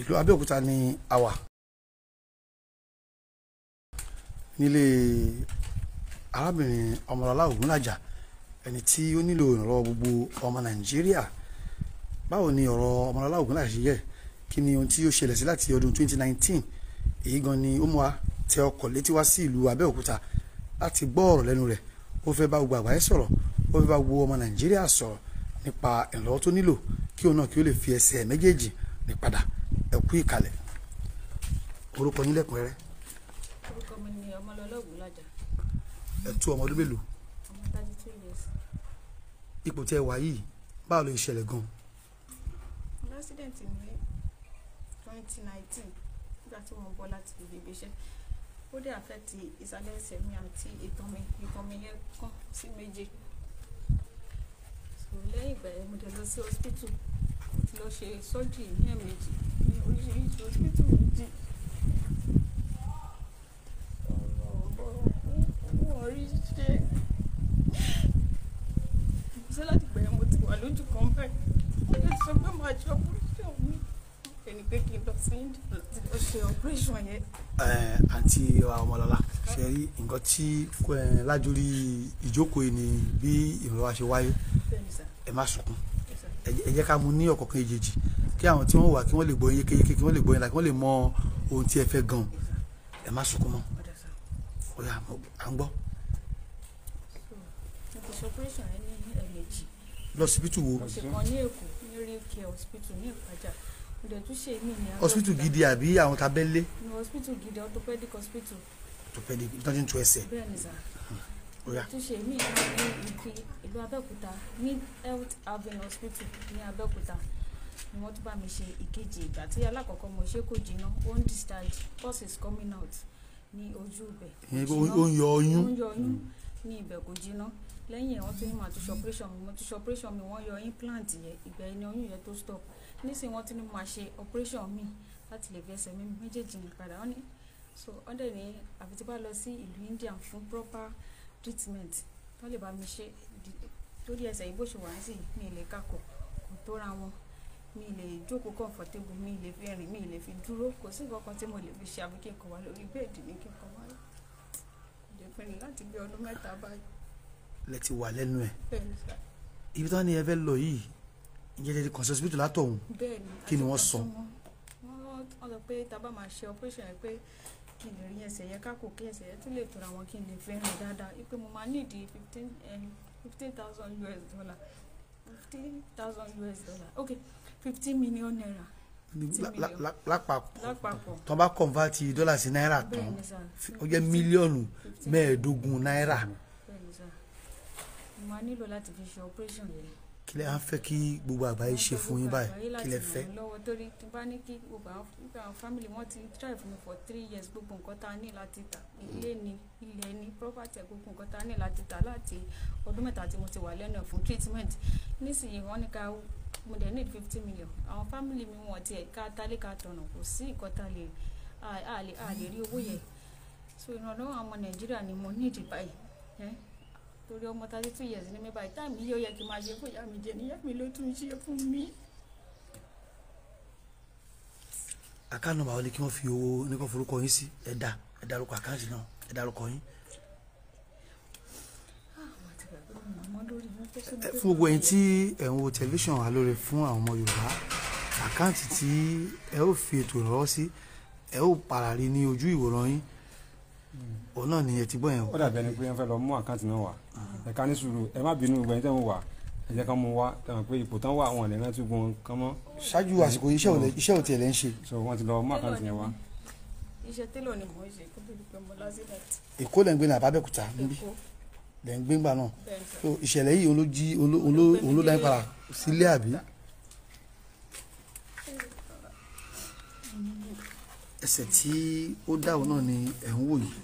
ìlú Abẹ́òkúta ni a wà nílé arábìnrin ọmọlọlá ògúnlàjà ẹni tí ó nílò ìrànlọ́wọ́ gbogbo ọmọ Nàìjíríà báwo ni ọ̀rọ̀ ọmọlọlá ògúnlàjà ṣe yẹ kí ni ohun tí ó ṣẹlẹ̀ sí láti ọdún 2019 èyí gan ni ó mú wa tẹ ọkọ̀ létí wá sí ìlú Abẹ́òkúta láti gbọ́ ọ̀rọ̀ lẹ́nu rẹ̀ ó fẹ́ bá gbogbo àgbáyé sọ̀rọ̀ ó fẹ́ bá gbogbo ọmọ Nàìjíríà sọ̀rọ̀ nípa ìrànlọ́wọ́ tó nílò kí òun náà kí ó lè fi ẹsẹ̀ méjèèjì rìn padà kú ìkàlẹ̀ orúkọ yín lẹ́kùnrẹ́rẹ́. orúkọ mi ni ọmọlọlá ògúnlájà. ẹ tú ọmọ ọdún mélòó. ọmọ thirty two years. ipò tí wà yìí báwo ló ṣẹlẹ̀ gan. president ní twenty nineteen nígbà tí wọ́n bọ́ láti ibi iṣẹ́ ó dé affect ìsàlẹ̀ ẹsẹ̀ mi àti ìtàn mi ìtàn mi yẹn kán sí méje lẹ́yìn ìgbà yẹn mo dẹ̀ lọ sí hospital mo ti lọ ṣe surgery ní ẹ̀ẹ̀mejì àǹtí eh, ọmọlọ́lá ṣe rí nǹkan tí eh, lájórí ìjókòó ni bí ìrànlọ́wọ́ ṣe wáyé ẹ má sunkún ẹ jẹ́ ká mú ní ọ̀kọ̀ọ̀kan èjèèjì kí àwọn tí wọ́n wà kí wọ́n lè gbọ́ yín yékéyéké kí wọ́n lè gbọ́ yín la kí wọ́n lè mọ ohun tí ẹ fẹ́ gan ẹ má sunkún mọ́ ó yá à ń gbọ́. lọ́sibítù wo. hospital ní hospital gidi àbí àwọn tabẹ́lé. hospital gidi orthopedic hospital. orthopedic ìtọ́jú tó ẹsẹ̀. bẹ́ẹ̀ni sá túnṣe mí ní ìpín ìlú Abẹ́òkúta ní health haven hospital ní Abẹ́òkúta ni wọ́n tún bá mi ṣe ìkejì ìgbà tí alákọ̀ọ́kọ́ mo ṣe kò jiná one discharge pulse is coming out ní ojú ibẹ̀. ó ń yọ ọyún. ó ń yọ ọyún hmm. ní ibẹ̀ kò jiná lẹ́yìn ẹ̀ wọ́n tún ní màá tún operation mi mo tún operation mi wọ́n yọ implant yẹn ìgbà ẹni oyún yẹn tó stop nísìnyí wọ́n tún ní màá ṣe operation mi láti lè fi ẹsẹ̀ mi méjèèjì mi padà wọ́n ní so wọ́n dẹ̀ ní àfi tí lọ sí ìlú India fún proper treatment wọ́n lè bá mi ṣe lórí ẹsẹ̀ yìí bó ṣe wà ń sìn mi ì lè kò tó ra wọn mi lè jókòó comfortable mi lè fi rìn mi lè fi dúró kò sí nǹkan kan tí mo lè fi ṣe àbí kíkan wà lórí bẹ́ẹ̀dì ní kíkan wà lè fún mi láti bí ọdún mẹ́ta báyìí. lẹ ti wà lẹ́nu ẹ̀ ibi táwọn ènìyàn fẹ́ lọ yìí ìyẹn lè di kàn sí hospital látọ̀hún kí ni wọ́n sọ. wọ́n sọ pé tá a bá máa ṣe operation yẹn pé kí lè rí ẹsẹ̀ yẹn kákò kí ẹsẹ̀ yẹn tún lè tóra wọn kí n fẹ́ràn dáadáa ipe mo máa nídìí eh, fifteen thousand US dollar fifteen thousand US dollar ok fifteen million naira lápapọ̀ tó bá convert dọ́là sí náírà tán ó jẹ́ mílíọ̀nù mẹ́ẹ̀ẹ́dógún náírà. mo máa nílò láti fi ṣe operation yìí kí lẹ á fẹ́ kí gbogbo àgbáyé ṣe fún yín báyìí kí lẹ fẹ́. lọ́wọ́ torí tí bá ní kí gbogbo àwọn family wọn ti try fún mi for three years gbogbo nǹkan tá a ní láti tà ilé ni ilẹ̀ ni property gbogbo nǹkan tá a ní láti tà láti ọdún mẹ́ta tí mo ti wà lẹ́nu ẹ̀ fún treatment nísìnyí wọ́n ní ká mo dẹ̀ need fifty million àwọn family mi wọ́n tiẹ̀ ká tálé ká tọ̀nà kò sí nǹkan tá a lè rí owó yẹn so ìrànlọ́wọ́ àwọn Nàìjíríà ni mo need báyìí torí ọmọ thirty two years ni mi báyìí táìmù yìí ó yẹ kí n máa ṣe fún ìyá mi jẹ níyà mi ló tún ṣe fún mi. àkáǹtì nọ́mbà wọlé kí wọ́n fi owó oníkan forúkọ yín sí ẹ̀dá ẹ̀dá lóko àkáǹtì náà ẹ̀dá lóko yín. Ah, fún gbogbo ẹ̀yin tí ẹ̀ ń wo tẹlifíṣàn alóore fún àwọn ọmọ Yorùbá àkáǹtì tí ẹ ó fi ètò ìrànwọ́ sí ẹ ó parí ní ojú ìwòran yín òun náà nìyẹn ti gbọ́ yẹn o. ó dàbí ẹni pé ẹ fẹ́ lọ mú àkáǹtì náà wá ah. ẹ ká ní sùúrù ẹ má bínú gbẹ̀yìn tẹ̀ ń wà ẹ jẹ́ ká mú wá tẹ̀wọ̀n pé ipò tán wà àwọn ọ̀lẹ́ náà tún gun kán mọ́. ṣáájú àsìkò iṣẹ́ ò tiẹ̀ lẹ́ ń ṣe. so wọ́n ti lọ mú àkáǹtì yẹn wá. iṣẹ́ télò ni mò ń ṣe kó tó di pé mo lọ sí net. èkó lẹ́ ń gbé ní àbábẹ́kúta níbí lẹ́ ń gbé ńgbà náà ìṣẹ̀lẹ̀ yìí olójí olódàá ẹsẹ̀ tí ó dáwọ́ náà ni ẹ̀ ń wò yìí.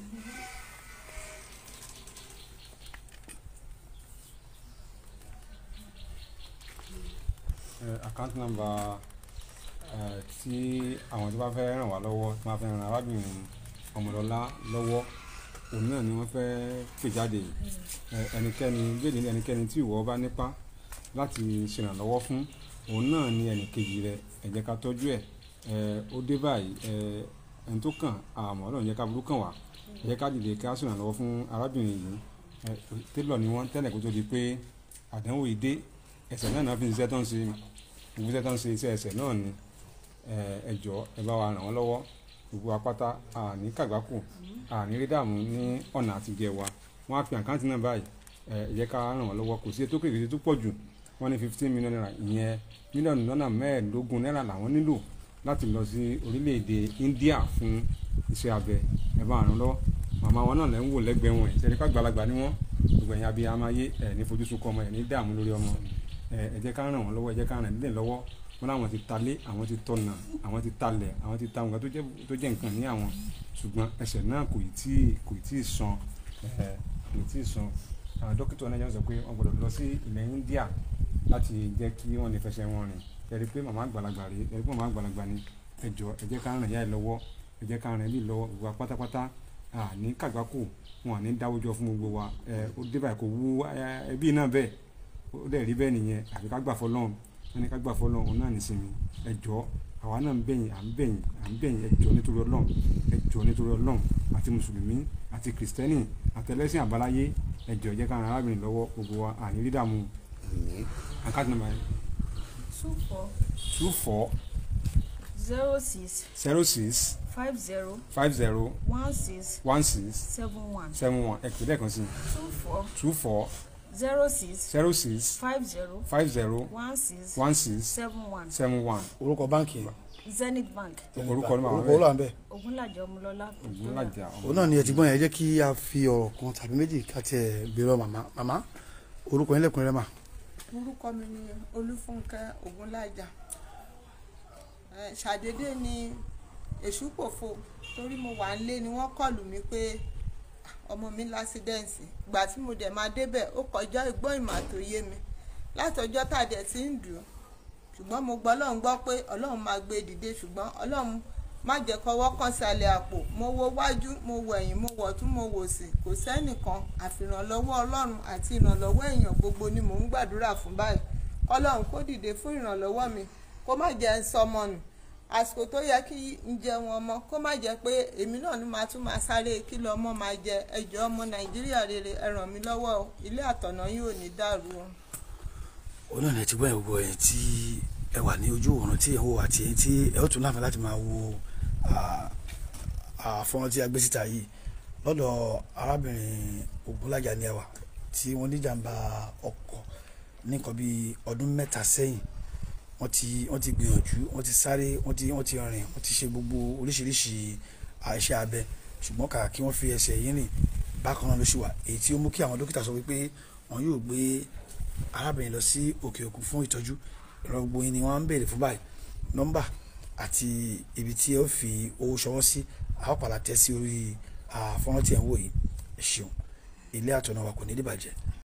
account number tí àwọn tó bá fẹ́ ràn wá lọ́wọ́ tí wọ́n fẹ́ ràn arábìnrin ọmọlọ́lá lọ́wọ́ òun náà ni wọ́n fẹ́ pè jáde ẹnikẹ́ni léde ní ẹnikẹ́ni tí ìwọ bá nípa láti ṣèrànlọ́wọ́ fún òun náà ni ẹnìkejì rẹ ẹ jẹ́ ká tọ́jú ẹ̀ ó dé báyìí ẹni tó kàn àmọ́ ọlọ́run yẹ ká burú kàn wá yẹ ká dìde ká sùn lọ́wọ́ fún arábìnrin yìí télọ̀ ni wọ́n tẹ́lẹ̀ kó tó di pé àdánwò yìí dé ẹ̀ṣẹ̀ náà náà fi ṣiṣẹ́ tó ń ṣe gbogbo iṣẹ́ tó ń ṣe iṣẹ́ ẹ̀ṣẹ̀ náà ni ẹ jọ̀ọ́ ẹ bá wa ràn wọ́n lọ́wọ́ gbogbo apáta àní kàgbákò àní rídàmù ní ọ̀nà àtijẹ wa wọ́n á fi àkáǹtì náà báyìí ẹ jẹ́ ká ràn wọ́n lọ́wọ́ kò sí ètò kékeré tó pọ̀ jù wọ́n ní fifteen million naira ìyẹn mílíọ̀nù lọ́nà mẹ́ẹ̀ẹ́dógún náírà làwọn nílò láti lọ sí orílẹ̀-èdè India fún iṣẹ́ abẹ ẹ bá ràn lọ́wọ́ màmá wọn náà lẹ́ ń wò lẹ́gbẹ̀ẹ́ wọn ẹ̀ ṣẹ́ni ká gbàlagbà ni wọ́n gbogbo ẹ̀yin abiyamọ ayé ẹ̀ ní fojú sunkún ọmọ ẹ̀ ní dààmú lórí ọmọ ẹ̀ jẹ́ ká ràn wọ́n lọ́wọ́ ẹ̀ jẹ́ ká ràn nílẹ̀ lọ́wọ́ wọn làwọn ti talé àwọn ti tọ̀nà àwọn ti talẹ̀ àwọn ti ta nǹkan tó jẹ́ nǹkan ní àwọn ṣùgbọ́n ẹsẹ̀ náà kò tí ì san kò tí ì san dókítà oníjọ́ sọ pé wọ́n gbọ́dọ̀ lọ sí ilẹ̀ India láti jẹ́ kí wọ́n lè fẹsẹ̀ wọn rìn ẹ̀rí pé màmá àgbàlagbà rèé ẹ̀rí pé màmá àgbàlagbà ni ẹ jọ ẹ jẹ́ ká ràn yá ẹ lọ́wọ́ ẹ jẹ́ ká ràn ẹ bí lọ́wọ́ ìwà pátápátá àní kàgbákò wọn àní dáwọ́jọ fún gbogbo wa ẹ ó dé báyìí kò wú ẹbí náà bẹ́ẹ̀ ó dẹ̀ rí bẹ́ẹ̀ nìyẹn àfi ká gbà fọlọ́run wọn ni ká gbà fọlọ́run òun náà nísìnyí ẹ jọ àwa náà ń bẹ̀yìn à ń bẹ̀yìn à ń bẹ̀yìn ẹ jọ nítorí ọlọ́run ẹ jọ nítorí ọlọ́run àti mùsùlùmí àti kìrìsìtẹ́nì àtẹlẹ́sìn àbáláyé ẹ jọ jẹ́ ká ran arábìnrin lọ́wọ́ gbogbo wa àní rí àkáàtì nàmbà yẹn two four two four zero six zero six five zero five zero one six one six seven one seven one ẹ pè lẹ́ẹ̀kan sí i two four two four zero six zero six five zero five zero one six one six seven one seven one. orúkọ báńkì yẹn. zenith bank. orúkọ náà orúkọ náà bẹ. ogunlaja ọmọlọlá. ogunlaja ọmọlọlá. òun náà ni ẹ̀tìgbọ́n yẹn jẹ́ kí a fi ọ̀rọ̀ kan tàbí méjì ká tiẹ̀ bèrè màmá màmá orúkọ yẹn lẹ́kùnrin rẹ̀ mà orúkọ mi ni olúfúnkẹ́ ògúnlájà ṣàdédé ni èṣù pòfo torí mo wà nílé ni wọ́n kọlù mí pé ọmọ mi lásìdẹ́ǹsì gbà tí mo dẹ̀ máa débẹ̀ ó kọjá ìgbọ́ ìmọ̀ tó yé mi látọjọ́ tàdé tí ń dùn ṣùgbọ́n mo gbọ́ ọlọ́run gbọ́ pé ọlọ́run máa gbé e dìde ṣùgbọ́n ọlọ́run má jẹ́ kọ́wọ́ kọ́sàlẹ̀ àpò mo wo wájú mo wo ẹ̀yìn mo wọ̀ tún mo wò sí kò sẹ́nìkan àfìrànlọ́wọ́ ọlọ́run àti ìrànlọ́wọ́ èèyàn gbogbo ni mò ń gbàdúrà fún báyìí ọlọ́run kó dìde fún ìrànlọ́wọ́ mi kó má jẹ́ sọmọ nù àsìkò tó yẹ kí n jẹun ọmọ kó má jẹ́ pé èmi náà ni màá tún máa sáré kí lọ ọmọ máa jẹ ẹjọ́ ọmọ nàìjíríà rere ẹ ràn mí lọ́wọ́ ilé àtọ̀nà yìí ní dàrú o. onáà ti gbọ́ ẹ̀ gbọ́ ẹ̀ tí ẹ wà ní ojú òòrùn tí ẹ ń wò àti ẹ tí ẹ ó tún láǹfààní láti máa wo àfọ̀n tí a gbé síta yìí lọ́dọ̀ arábìnrin Ògúnlájà ní ẹwà tí wọ́n ní jàǹbá ọkọ̀ ní nǹkan bíi ọdún mẹ́ta sẹ́yìn wọ́n ti wọ́n ti gbìyànjú wọ́n ti sáré wọ́n ti wọ́n ti rìn wọ́n ti ṣe gbogbo oríṣiríṣi iṣẹ́ abẹ ṣùgbọ́n kàkà kí wọ́n fi ẹsẹ̀ yín rìn bákan náà ló ṣì wà èyí tí ó mú kí àwọn dókítà sọ wípé wọn yóò gbé arábìnrin lọ sí òkè òkun fún ìtọ́jú ìrọ̀gbọ̀n yìí ni wọ́n ń béèrè fún báyìí nọ́mbà 0244 àti ibi tí ẹ ó fi owó ṣọwọ́ sí a ó padà tẹ̀ sí orí àfọ́nrán tí ẹ̀ ń wò yìí ẹ ṣeun ilé àtọ̀nà wa kò ní dìbàjẹ́